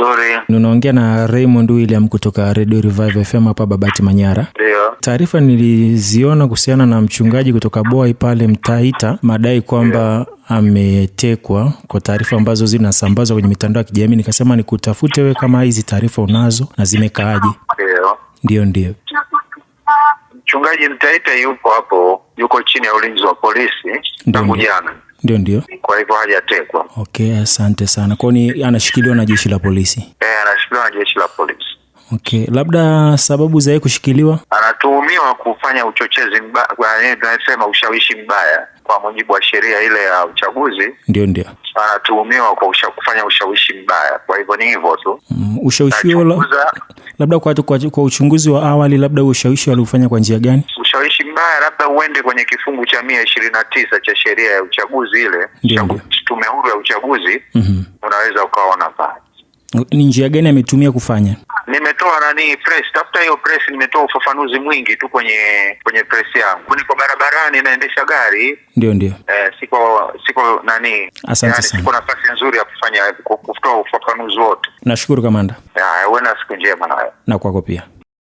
Nzuri. Unaongea na Raymond William kutoka Radio Revive FM hapa Babati Manyara. Ndio. Taarifa niliziona kuhusiana na mchungaji kutoka Boi pale Mtaita, madai kwamba ametekwa kwa taarifa ambazo zinasambazwa kwenye mitandao ya kijamii. Nikasema nikutafute wewe kama hizi taarifa unazo na zimekaaje? Ndio. Ndio, Mchungaji Mtaita yupo hapo, yuko chini ya ulinzi wa polisi tangu jana. Ndio, ndio ndipo hajatekwa. Okay, asante sana. Kwa ni anashikiliwa na jeshi la polisi? E, anashikiliwa na jeshi la polisi. Okay, labda sababu za yeye kushikiliwa, anatuhumiwa kufanya uchochezi mbaya, tunasema ushawishi mbaya kwa mujibu wa sheria ile ya uchaguzi. Ndio, ndio anatuhumiwa kwa usha, kufanya ushawishi mbaya, kwa hivyo ni hivyo tu. Mm, ushawishi labda kwa, kwa, kwa uchunguzi wa awali, labda ushawishi waliofanya kwa njia gani? Ushawishi mbaya labda uende kwenye kifungu cha mia ishirini na tisa cha sheria ya uchaguzi ile tume huru ya uchaguzi mm -hmm. Unaweza ukaona pale ni njia gani ametumia kufanya. Nimetoa nani press, tafuta hiyo press, nimetoa ufafanuzi mwingi tu kwenye kwenye press yangu. Niko barabarani naendesha gari, ndio ndio, eh, siko siko nani, asante yani, sana, siko nafasi nzuri ya kufanya kutoa ufafanuzi wote. Nashukuru kamanda, uwe eh, na siku njema nawe na kwako pia.